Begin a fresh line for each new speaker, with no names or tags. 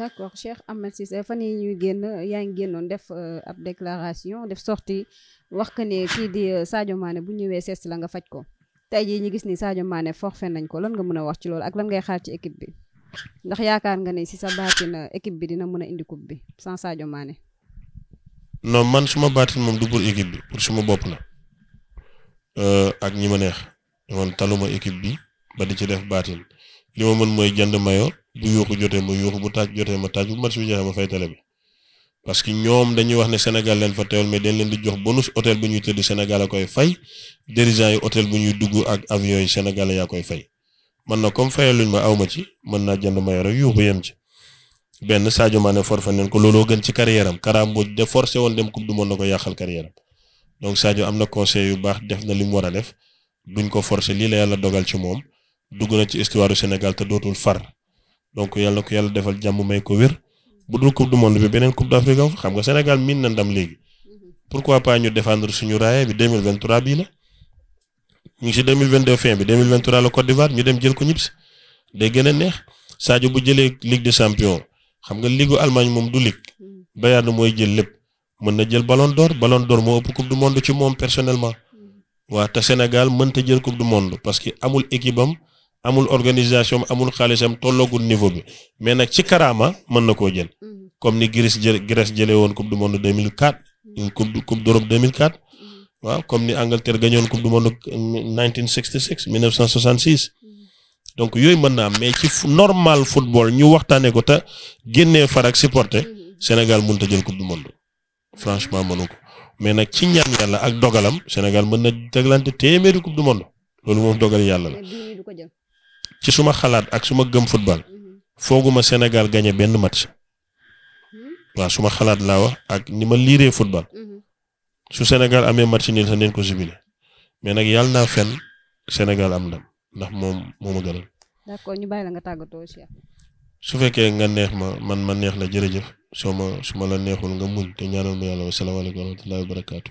d'accord Cheikh Ahmed Cissé fan yi ñuy génn yaa ngi génnoon def euh, ab déclaration def sorti wax que ne kii di euh, Sadio Mané bu ñëwee sees la nga faj ko te jii ñu gis ni Sadio Mané forfait nañ ko lan nga mën a wax ci loolu ak lan ngay xaar ci équipe bi ndax yaakaar nga ne si sa baatina euh, équipe bi dina mën a indi coupe bi sans Sadio Mané.
non man suma baatin moom du pour équipe bi pour suma bopp la euh, ak ñi ma neex man taluma équipe bi ba di ci def baatin li ma mën mooy jënd mayo bu yooku jotee ma yooku bu taaj jotee ma taaj bu match bi jeexee ma fay télé bi parce ñoom dañuy wax ne Sénégal leen fa teewal mais dañ leen di jox bonus hôtel bu ñuy tëdd Sénégal a koy fay dirigeant yi hôtel bu ñuy dugg ak avion yi Sénégal yaa koy fay man na comme fayal luñ ma aw ma ci mën naa jënd mayo rek yooku yem ci. benn Sadio Mané forfait nañ ko looloo gën ci carrière am Karambodj de forcé woon dem coupe du monde na ko yàqal carrière am donc Sadio am na conseil yu baax def na li mu war a def duñ ko forcé lii la yàlla dogal ci moom dugg na ci histoire du Sénégal te dootul far donc yàlla ko yàlla defal jàmm may ko wér bu dul coupe du monde bi beneen coupe d'Afrique am xam nga Sénégal miin na ndam léegi pourquoi pas ñu défendre suñu raaya bi 2023 bii la ñu ngi si 2022 fin bi 2023 la Côte d'Ivoire ñu dem jël ko ñibbi day gën a neex Sadio bu jëlee Ligue des champions. xam nga ligu Allemagne moom du lig mm. Bayern mooy jël lépp mën na jël ballon door ballon d'or moo ëpp coupe du monde ci moom personnellement mm. waa te Sénégal mënta jël coupe du monde parce que amul équipe am amul organisation amul xaalisam tolloogul niveau bi mais nag ci karaama mën na koo jël mm. comme ni Grèce jël Grèce jëlee woon coupe du monde 2004 coupe coupe d'Europe 2004 waaw comme du monde 1966 1966 donc yooyu mën naa am mais ci normal football ñu waxtaanee ko te génne far ak supporter Sénégal mënut a jël coupe du monde franchement mënu ko mais nag ci ñaan yàlla ak dogalam Sénégal mën na teglante téeméeri coupe du monde loolu dogal yàlla suma xalaat ak suma gëm football fooguma Sénégal gagné benn match waaw suma xalaat laa wax ak ni ma liiree football su Sénégal amee match nii sax neen ko jubilé mais nag yàlla naa fen Sénégal am ndam ndax moom moo ma gënal
d'accord ñu bàyyi la nga tàggatoo Cheikh.
su fekkee nga neex ma man ma neex na jërëjëf soo ma su ma la neexul nga muñ te ñaanal ma yàlla wasalaamaaleykum wa rahmatullahi wa barakaatu.